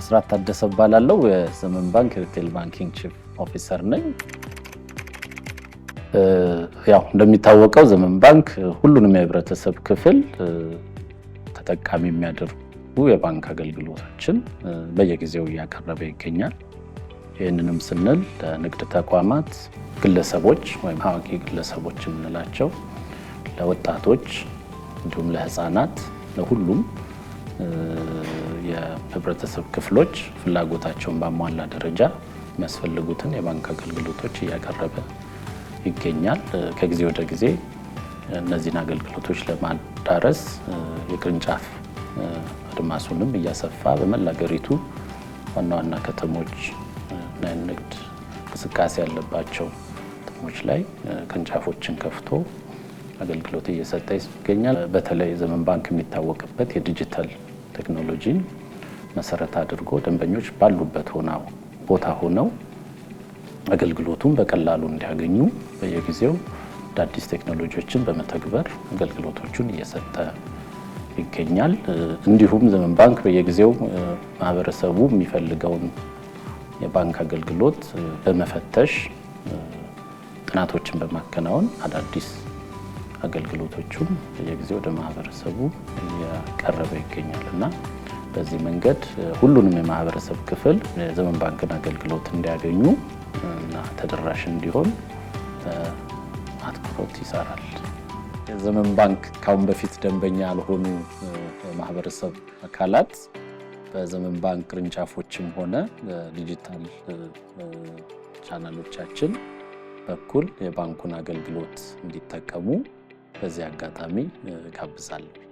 አስራት ታደሰ እባላለሁ። የዘመን ባንክ ሪቴል ባንኪንግ ቺፍ ኦፊሰር ነኝ። ያው እንደሚታወቀው ዘመን ባንክ ሁሉንም የህብረተሰብ ክፍል ተጠቃሚ የሚያደርጉ የባንክ አገልግሎቶችን በየጊዜው እያቀረበ ይገኛል። ይህንንም ስንል ለንግድ ተቋማት፣ ግለሰቦች ወይም አዋቂ ግለሰቦች የምንላቸው፣ ለወጣቶች እንዲሁም ለህፃናት፣ ለሁሉም የህብረተሰብ ክፍሎች ፍላጎታቸውን ባሟላ ደረጃ የሚያስፈልጉትን የባንክ አገልግሎቶች እያቀረበ ይገኛል። ከጊዜ ወደ ጊዜ እነዚህን አገልግሎቶች ለማዳረስ የቅርንጫፍ አድማሱንም እያሰፋ በመላ አገሪቱ ዋና ዋና ከተሞች እና ንግድ እንቅስቃሴ ያለባቸው ከተሞች ላይ ቅርንጫፎችን ከፍቶ አገልግሎት እየሰጠ ይገኛል። በተለይ ዘመን ባንክ የሚታወቅበት የዲጂታል ቴክኖሎጂን መሰረት አድርጎ ደንበኞች ባሉበት ሆነው ቦታ ሆነው አገልግሎቱን በቀላሉ እንዲያገኙ በየጊዜው አዳዲስ ቴክኖሎጂዎችን በመተግበር አገልግሎቶቹን እየሰጠ ይገኛል። እንዲሁም ዘመን ባንክ በየጊዜው ማህበረሰቡ የሚፈልገውን የባንክ አገልግሎት በመፈተሽ ጥናቶችን በማከናወን አዳዲስ አገልግሎቶቹን በየጊዜው ወደ ማህበረሰቡ እያቀረበ ይገኛል እና በዚህ መንገድ ሁሉንም የማህበረሰብ ክፍል የዘመን ባንክን አገልግሎት እንዲያገኙ እና ተደራሽ እንዲሆን አትኩሮት ይሰራል። የዘመን ባንክ ካሁን በፊት ደንበኛ ያልሆኑ የማህበረሰብ አካላት በዘመን ባንክ ቅርንጫፎችም ሆነ ዲጂታል ቻናሎቻችን በኩል የባንኩን አገልግሎት እንዲጠቀሙ በዚህ አጋጣሚ ጋብዛለሁ።